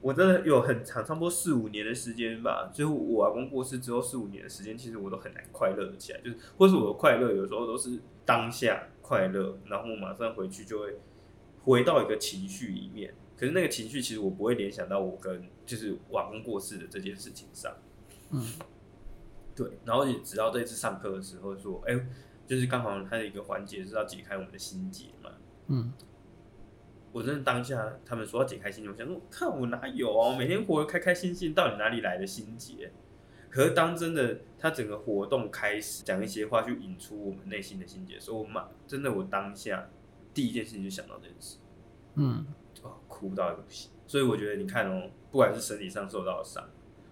我真的有很長，差不多四五年的時間吧。最後我阿公過世之後四五年的時間，其實我都很難快樂得起來。就是，或是我的快樂，有時候都是當下快樂，然後馬上回去就會回到一個情緒裡面。可是那個情緒，其實我不會聯想到我跟就是我阿公過世的這件事情上。嗯，對，然後也直到這次上課的時候說，哎、欸，就是剛好他的一個環節是要解開我們的心結嘛。嗯，我真的當下他們說要解開心結，我想說，看我哪有啊，每天活得開開心心，到底哪裡來的心結？可是當真的，他整個活動開始講一些話，就引出我們內心的心結，所以我媽真的我當下第一件事情就想到這件事。嗯，哇，哭到不行。所以我覺得你看哦，不管是身體上受到的傷。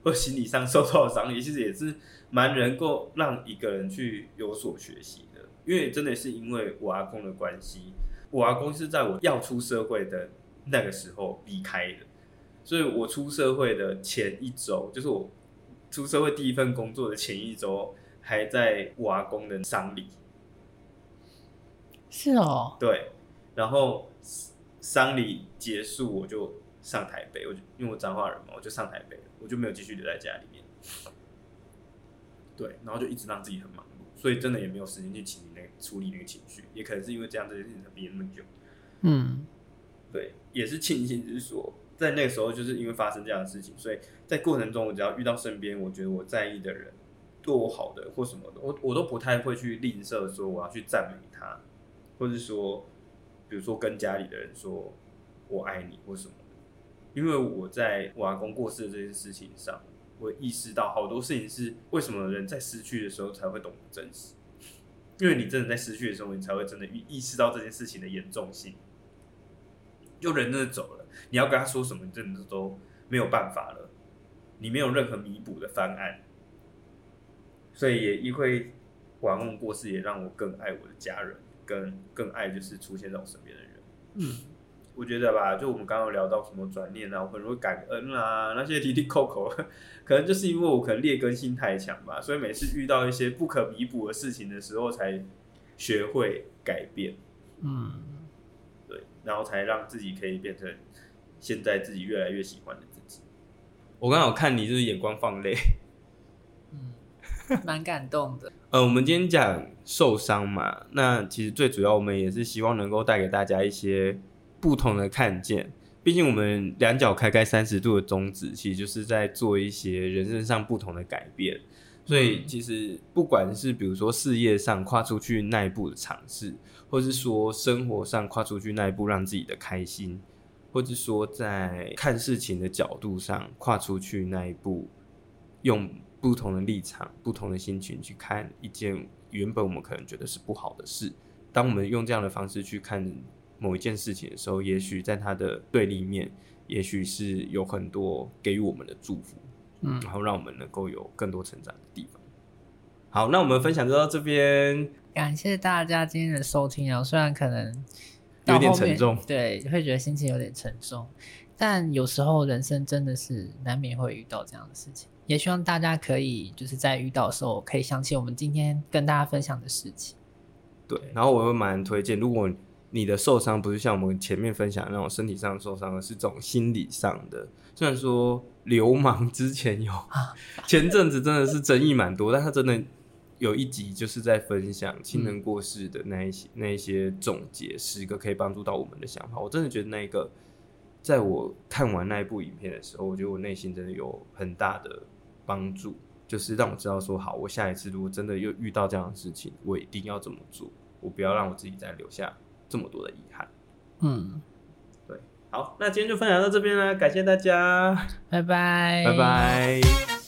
或心理上受到的傷害，其實也是蠻能夠讓一個人去有所學習的。因為真的是因為我阿公的關係，我阿公是在我要出社會的那個時候離開的，所以我出社會的前一周，就是我出社會第一份工作的前一周，還在我阿公的喪禮。是哦。對，然後喪禮結束，我就。上台北，我就因為我彰化人嘛，我就上台北了，我就沒有繼續留在家裡面。對，然後就一直讓自己很忙碌，所以真的也沒有時間去清理那個、處理那個情緒。也可能是因為這樣，這件事情才憋那麼久，嗯，對，也是慶幸之所在。那個時候，就是因為發生這樣的事情，所以在過程中，我只要遇到身邊我覺得我在意的人，對我好的或什麼的，我我都不太會去吝嗇說我要去讚美他，或者是說，比如說跟家裡的人說我愛你或什麼。因為我在瓦工過世的這件事情上，我意識到好多事情是，為什麼人在失去的時候才會懂得珍惜？因為你真的在失去的時候，你才會真的意識到這件事情的嚴重性。就人真的走了，你要跟他說什麼，你真的都沒有辦法了，你沒有任何彌補的方案。所以也因為瓦工過世，也讓我更愛我的家人，跟更，更愛就是出現在我身邊的人。嗯。我覺得吧，就我們剛剛聊到什麼轉念啊，或者感恩啊，那些滴滴扣扣，可能就是因為我可能劣根性太強吧，所以每次遇到一些不可彌補的事情的時候，才學會改變。嗯，對，然後才讓自己可以變成現在自己越來越喜歡的自己。我剛好看你就是眼光放淚，嗯，蠻感動的。 呃，我們今天講受傷嘛，那其實最主要我們也是希望能夠帶給大家一些。不同的看見，畢竟我們兩腳開開三十度的宗旨，其實就是在做一些人生上不同的改變。所以，其實不管是比如說事業上跨出去那一步的嘗試，或是說生活上跨出去那一步讓自己的開心，或者是說在看事情的角度上跨出去那一步，用不同的立場、不同的心情去看一件原本我們可能覺得是不好的事，當我們用這樣的方式去看。某一件事情的時候，也許在他的對立面，也許是有很多給予我們的祝福，嗯，然後讓我們能夠有更多成長的地方。好，那我們分享就到這邊，感謝大家今天的收聽啊、喔。雖然可能有點沉重，對，會覺得心情有點沉重，但有時候人生真的是難免會遇到這樣的事情。也希望大家可以就是在遇到的時候，可以想起我們今天跟大家分享的事情。對，對然後我會蠻推薦，如果。你的受傷不是像我們前面分享的那種身體上受傷，而是這種心理上的。雖然說流氓之前有前陣子真的是爭議蠻多，但他真的有一集就是在分享親人過世的那一些那一些總結，十個可以幫助到我們的想法。我真的覺得那個，在我看完那一部影片的時候，我覺得我內心真的有很大的幫助，就是讓我知道說，好，我下一次如果真的又遇到這樣的事情，我一定要怎麼做，我不要讓我自己再留下。這麼多的遺憾，嗯，對，好，那今天就分享到這邊了，感謝大家，拜拜，拜拜。